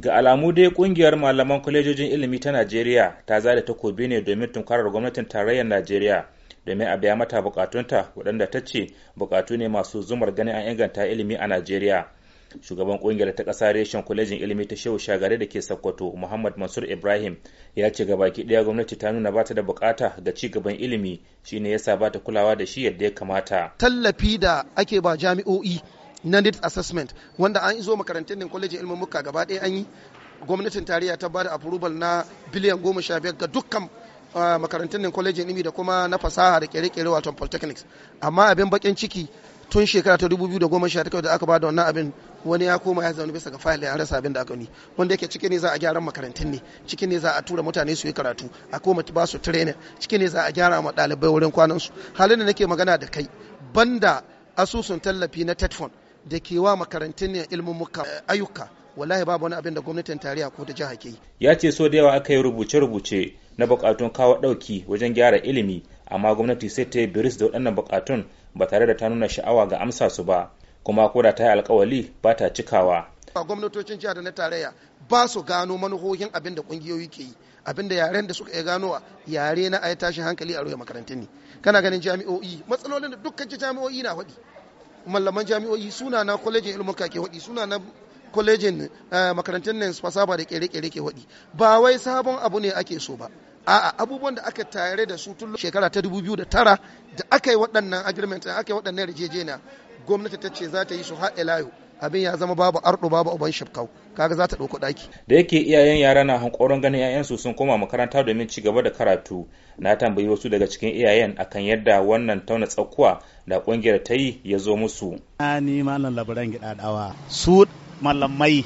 Ga alamu dai kungiyar malaman kwalejojin ilimi ta Najeriya ta zada takobi ne domin tunkarar gwamnatin tarayyar Najeriya domin a biya mata bukatunta waɗanda ta ce bukatu ne masu zumar ganin an inganta ilimi a Najeriya. Shugaban kungiyar ta ƙasa reshen kwalejin ilimi ta Shehu shagari da ke Sokoto Muhammad Mansur Ibrahim ya ce gabaki ɗaya gwamnati ta nuna bata da bukata ga ci gaban ilimi shine yasa bata kulawa da shi yadda ya kamata. Tallafi da ake ba jami'o'i na need assessment wanda an iso makarantun din kwalejin ilimin muka gaba ɗaya an yi gwamnatin tarayya ta bada approval na biliyan goma sha biyar ga dukkan ah, makarantun din kwalejin ilmi da kuma na fasaha da kere-kere wato polytechnics amma abin bakin ciki tun shekara ta 2018 da aka bada wannan abin wani ya koma ya zaune bisa ga fayil ya rasa abin da aka ni wanda yake cikin ne za a gyaran makarantun ne cikin ne za a tura mutane su yi karatu a koma ba su training cikin ne za a gyara ma ɗalibai wurin kwanan su halin da nake magana da kai banda asusun tallafi na tetfon da ke wa makarantun muka eh, ayyuka wallahi babu wani abin da gwamnatin tarayya ko da jiha ke yi ya ce so da yawa aka yi rubuce-rubuce na bukatun kawo ɗauki wajen gyara ilimi amma gwamnati sai ta yi biris da waɗannan bukatun ba tare da ta nuna sha'awa ga amsa su ba kuma ko da ta yi alkawali ba ta cikawa a gwamnatocin jiha da na tarayya ba su gano manuhohin abin da kungiyoyi ke yi abin da yaren da suka gano ganowa yare na a tashin hankali a ruwa makarantun ne kana ganin jami'o'i matsalolin da dukkan jami'o'i na faɗi mallaman jami'o'i suna na kwalejin ilmuka ke waɗi suna na kwalejin eh, makarantar nan fasaba da kere-kere ke waɗi ba wai sabon abu ne ake so ba a'a abubuwan da aka tare da su tun shekara ta 2009 da aka yi waɗannan agreement da aka yi waɗannan yarjejeniya gwamnati ta ce za ta yi su haɗe layo abin ya zama babu arɗo babu uban shifkau kaga za ta ɗauki ɗaki da yake iyayen yara na hankoron ganin yayan su sun koma makaranta domin ci gaba da karatu na tambayi wasu daga cikin iyayen akan yadda wannan tauna tsakuwa da ƙungiyar ta yi ya zo musu. ni malam labaran gida dawa su malamai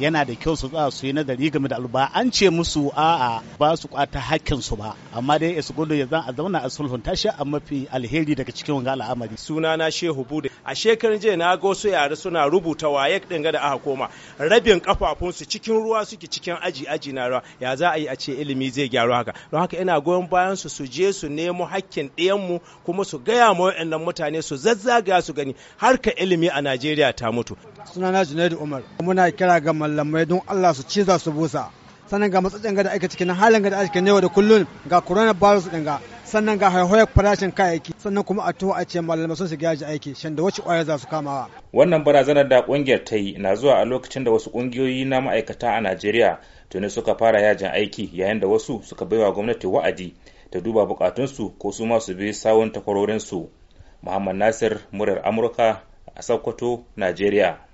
yana da kyau su tsaya su yi nazari game da alba an ce musu a'a ba su kwata hakkin su ba amma dai su gudu ya zan a zauna a sulhun shi a mafi alheri daga cikin wanga al'amari sunana shehu bude a shekarun jiya na ga wasu yare suna rubuta waye din da aka koma rabin kafafunsu cikin ruwa suke cikin aji aji na ruwa ya za a yi a ce ilimi zai gyaru haka don haka ina goyon bayan su su je su nemo hakkin mu kuma su gaya ma wayannan mutane su zazzaga su gani harka ilimi a Najeriya ta mutu sunana Junaidu Umar muna kira ga mallamai don Allah su ciza su busa sannan ga matsatsen ga da ake cikin halin ga da ake ne da kullun ga coronavirus din ga sannan ga haihuwar farashin kayayyaki sannan kuma a tuwa a ce malamai sun shiga yaji aiki shan da wace ƙwayar za su kamawa. wannan barazanar da kungiyar ta yi na zuwa a lokacin da wasu kungiyoyi na ma'aikata a najeriya tuni suka fara yajin aiki yayin da wasu suka bai wa gwamnati wa'adi ta duba bukatunsu ko su ma su bi sawun takwarorinsu muhammad nasir murar amurka a sokoto najeriya